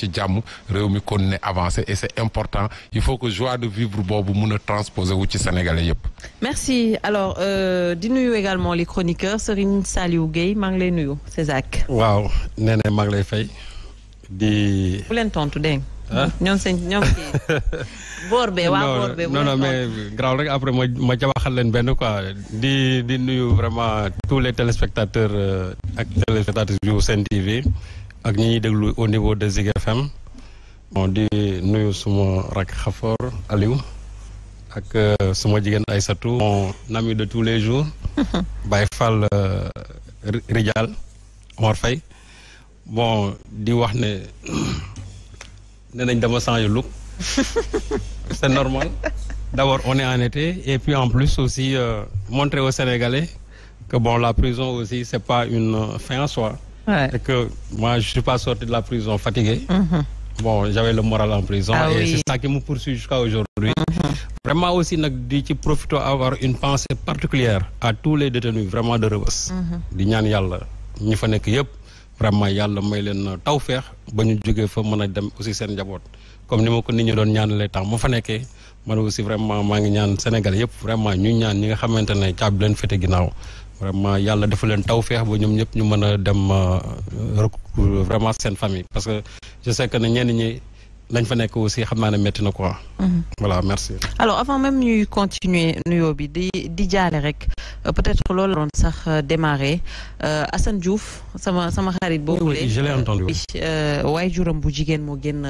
ci et c'est important il faut que joie de vivre bobu mun transposer wu ci sénégalais yépp. merci alors euh, di nuyu également les chroniqueurs Serigne Saliou Gueye, mang lay nuyu Césac. waaw nee na lay fay di. bu len tontu Ñom sen ñom Borbe wa borbe. non non mais grave rek après ma ma jabaxal leen benn quoi di di nuyu vraiment tous les téléspectateurs euh, ak téléspectateurs du Sen TV ak ñi au niveau de Zik FM bon di nuyu suma rak xafoor Aliou ak euh, suma jigéen Aissatou mon ami de tous les jours bay Fall euh, Rijal Omar Fay bon di wax ne ne nañ dama c'est normal d'abord on est en été et puis en plus aussi euh, montrer aux Sénégalais que bon la prison aussi c'est pas une fin en soi Ouais. que moi, je ne suis pas sorti de la prison fatigué. Mm Bon, j'avais le moral en prison ah et c'est ça qui me poursuit jusqu'à aujourd'hui. Mm -hmm. Vraiment aussi, je profite d'avoir une pensée particulière à tous les détenus, vraiment de Rebus. Mhm. Di ñaan Yalla ñi fa nek yépp vraiment Yalla may leen tawfex ba ñu joggé fa mëna dem aussi sen jabot. Comme ni ma ko nit ñi doon lay temps mu fa nekké man aussi vraiment ma ngi ñaan Sénégal yépp vraiment ñu ñaan ñi nga xamantene ciab leen fété ginnaw vraiment yalla dafa leen taw feex ba ñoom ñu mëna dem euh, vraiment sen famille parce que je sais que ñen ñi lañ fa nek aussi xam naa ne na quoi. Mhm. voilà merci. alors avant même ñuy continuer nuyo bi di di jaale rek euh, peut-être loolu la sax euh, démarrer euh Assane Diouf sama sama xarit. boobu de je l'ai entendu euh way juram bu jigen mo génn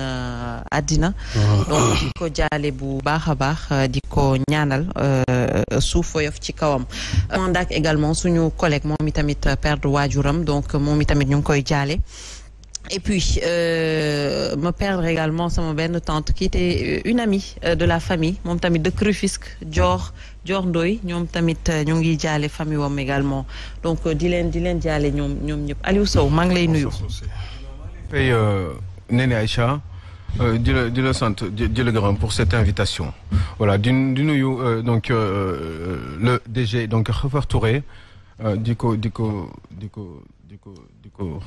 adina ah. donc di ko jaale bu baax a baax di ko ñaanal. Euh, suuf woyof ci kawam mandak également suñu collègue momi tamit euh, perdre wajuram donc mon tamit ñu ngi koy et puis euh, me perdre également sa benn tante qui était euh, une amie de la famille mom tamit de Rufisque Dior Dior Ndoye ñom tamit ñu ngi jalé famille wam également donc di leen di leen jaale ñoom ñoom ñëpp Aliou Sow maa lay nuyu. tey nene Aïcha euh, Dis-le pour cette invitation voilà du euh, donc euh, le DG donc Kheucha Touré Du coup, du coup, du coup, du coup, du coup.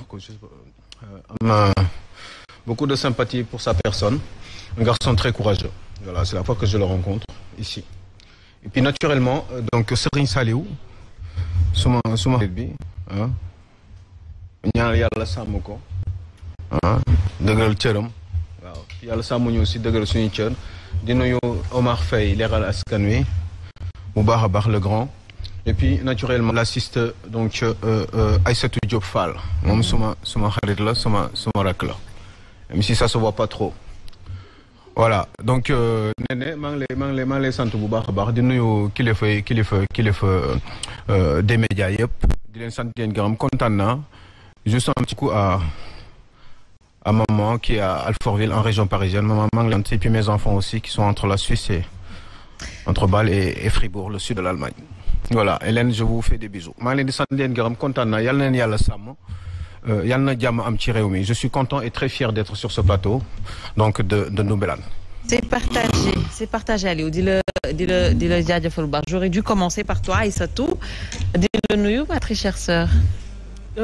beaucoup de sympathie pour sa personne un garçon très courageux voilà c'est la fois que je le rencontre ici et puis naturellement donc Srin Saliou Souma, Souma, bi hein waaw yàlla sàmm ñu si dëgër suñu cër di nuyu Omar Fay leeral askan wi bu baax a baax le grand et puis naturellement l'assiste donc euh, euh, Aïssatou Diop Fall moom mm-hmm. suma suma xarit la suma suma rakk la même si ça se voit pas trop voilà donc euh, Néné maa ngi lay maa ngi lay maa ngi lay sant bu baax a baax di nuyu kilifa kilifa kilifa des médias yëpp di leen sant di leen gërëm kontaan naa juste un petit coup à à maman qui est à Alfortville en région parisienne, ma maman et puis mes enfants aussi qui sont entre la Suisse et entre Bâle et, Fribourg, le sud de l'Allemagne. voilà Hélène je vous fais des bisous na euh, na je suis content et très fier d'être sur ce plateau donc de de Ndoumbelane. c'est partagé c'est partagé Aliou dis le, dis le, dis le jaajëfal bar. j'aurais dû commencer par toi Aïssatou Dis-le nous, ma très chère sœur.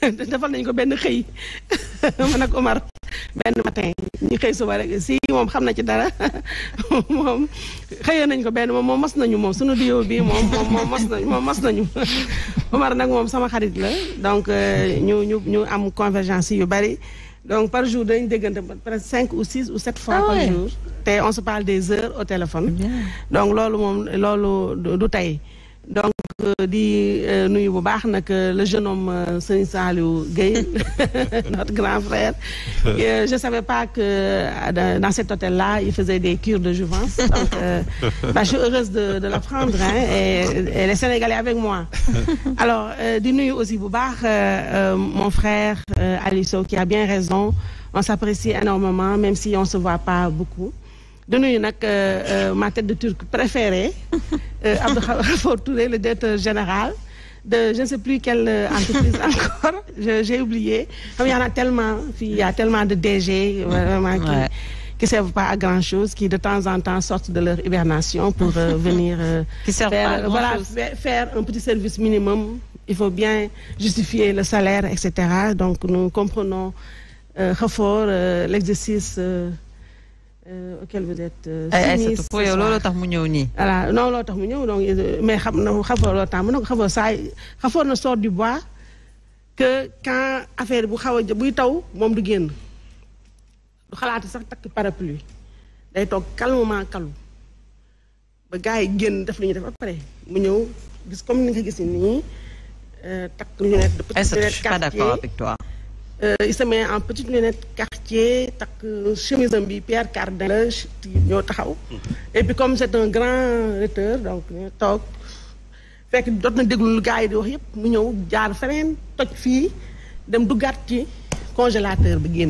defal nañ ko benn xëy man ak Omar benn matin ñu xëy suba rek si moom xam na ci dara moom xëyee nañ ko benn moom moom mas nañu moom sunu diyo bi moom moom mas nañu moom mas nañu Omar nag moom sama xarit la donc euh, ñu ñu ñu am convergence yu bari donc par jour dañ déggante presque cinq ou six ou sept fois ah par jour te on se parle des heures au téléphone donc loolu moom loolu du tey donc euh, dit euh, nuyu bu baax euh, le jeune homme Serigne Saliou Gueye notre grand frère Je je savais pas que dans cet hôtel là il faisait des cures de jouvence donc bah, je suis heureuse de, de l'apprendre hein, et, et, les Sénégalais avec moi alors euh, di nuyu aussi bu mon frère Alisso qui a bien raison on s'apprécie énormément même si on se voit pas beaucoup nous, en a que ma tête de turc préférée euh, Abdou Khafour Touré le directeur général de je ne sais plus quelle euh, entreprise encore j'ai oublié Il y en a tellement il y a tellement de DG qui ne servent pas à grand chose qui de temps en temps sortent de leur hibernation pour euh, venir faire, un petit service minimum il faut bien justifier le salaire etc donc nous comprenons euh, l'exercice auquel vous êtes. Aïssatou pour looloo tax mu ñëw nii. voilà non looloo tax mu ñëw donc euh, mais xam na xafoo loo tax mu ne ko xafoo saa xafoo na sort du bois que quand affaire bu xaw a buy taw moom du génn du xalaati sax takk parapluie day toog calmement kalu ba gars yi génn def lu ñuy def ba pare mu ñëw gis comme ni nga gis nii euh, takk lunette. de petite lunette quartier Euh, il se met en petite lunette quartier takk euh, chemise Pierre Cardin et puis comme c'est un grand rhéteur donc fait euh, fait fekk dot na déglu le gars yi di wax mu jaar congélateur bi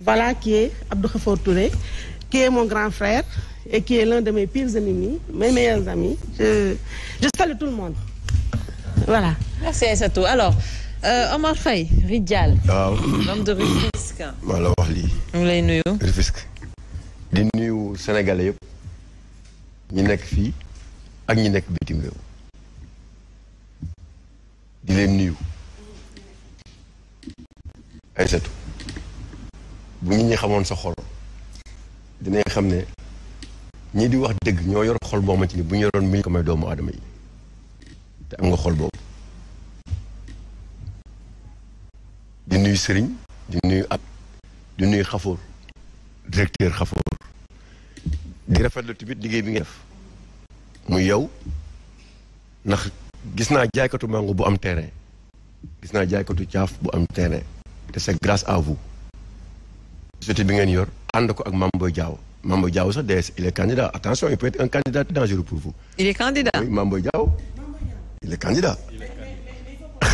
voilà qui est Abdou Khafour Touré qui est mon grand frère et qui est l'un de mes pires ennemis mes meilleurs amis je je salue tout le monde voilà. merci Aïssatou alors. Euh, Omar Faye Rijal. waaw l'homme de Rufisque. la wax lii. ñu lay nuyu. Rufisque. di nuyu Sénégalais yëpp. ñi nekk fii ak ñi nekk bitim réew. di leen nuyu. ay setu bu nit ñi xamoon sa xol. dinañ xam ne ñii di wax dëgg ñoo yor xol boo xamante bu ñu yoroon mi ko may doomu aadama yi te am nga xol boobu. Serigne di nuyu ab directeur di def jaaykatu bu am terrain jaaykatu terrain c'est grâce à vous société bi yor ko ak Diaw il est candidat attention il peut être un candidat dangereux pour vous. il est candidat oui il est candidat.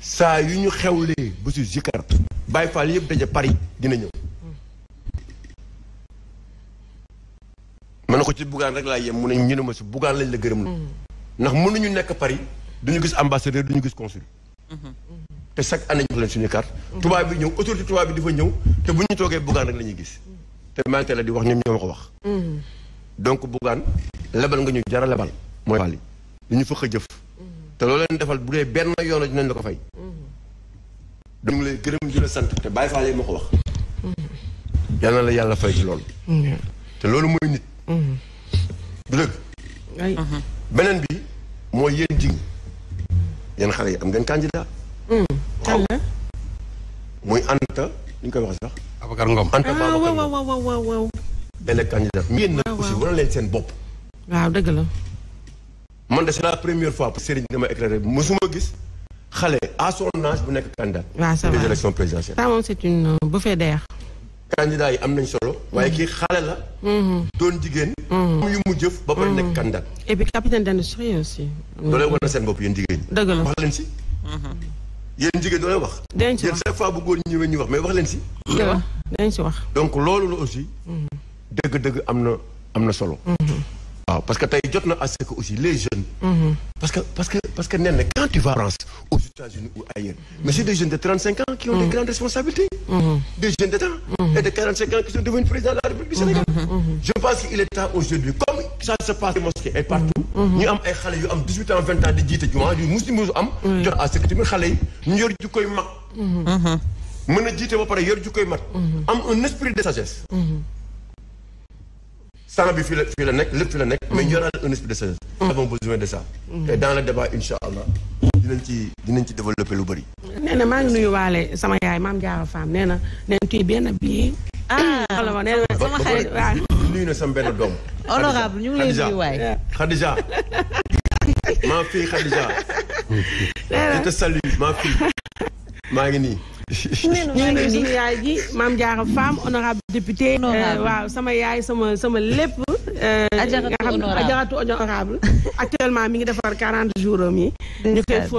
saa yu ñu xewlee ba si Zikar Baye Fall yëpp daje Paris dina ñëw. mën na ko ci Bougane rek laa yem mu ne ñu ne ma si lañ la gërëm la. ndax mënuñu nekk Paris duñu gis ambassadeur duñu gis consul. te chaque année ñu leen suñu carte. tubaab bi ñëw autorité tubaab bi dafa ñëw te bu ñu toogee Bougane rek la ñuy gis. te maa ngi a di wax ñoom ñoo ma ko wax. Mm. donc Bougane lebal nga ñu jara lebal mooy Fall li ñu fëkk jëf. te loolu leen defal bu dee benn yoon dinañ la ko fay. ñu ngi lay gërëm di la sant te bàyyi faale ma ko wax. yal la yàlla fay ci loolu. te loolu mooy nit. du dëgg. beneen bi mooy yéen jigéen yéen xale yi am ngeen candidat. Hmm. waaw muy Anta ñu koy wax sax. Abacar Ngom Anta ah, Babacar Ngom. waaw waaw benn candidat mi yéen nag ah, aussi wane leen seen bopp. waaw dëgg la. man de c'est la première fois Serigne dama éclairé mosuma gis xale à son âge bu nek candidat. waaw ça va des élections présidentielles. ça moom c'est une euh, bouffée d'air. candidat yi am nañ solo. waaye mm-hmm. ki xale la. Mm-hmm. doon jigéen. Mm-hmm. am yu mu jëf ba ba nek candidat. et puis capitaine d'industrie aussi. do lay wan sen bop yéen jigéen ñi. dëgg la wax leen si. yéen jigéen do lay wax. dinañ si chaque fois bu goor ñëwee ñu wax mais wax len ci dëgg la wax. donc lolu aussi. dëgg deug am amna am na solo parce que tu as dit que aussi les jeunes. Mhm. parce que parce que parce quand tu vas France aux États-Unis ou ailleurs. Mhm. mais c'est des jeunes de 35 ans qui ont des mhm. grandes responsabilités. des jeunes et de 45 ans qui sont devenus présidents de la République Sénégal. je pense qu'il est temps aujourd'hui comme ça se passe les mosquées et partout. ñu am ay am 18 ans 20 ans de du am. jot à que am un esprit de sagesse sang bi fi la nek la fi la nek mais ñoo un esprit de sagesse. Mm. nous avons besoin de ça. Mm. et dans le débat incha allah. dinañ ci dinañ ci développer lu bari nee na maa ngi nuyuwaale sama yaay mam Jaara Faam nee na nee na tuy benn bii. ah wala nee na sama xarit waaw nuyu na sama benn dom honorable ñu ngi lay nuyu way Khadija ma fi Khadija. je te salue ma fi maa ngi nii. nenu maa ngi suñu yaay ji maam Diarra Fam honorable député euh, waaw sama yaay sama sama lépp euh, ajaratu honorable actuellement mi ngi defar quarante jours am yi ñu koy fóon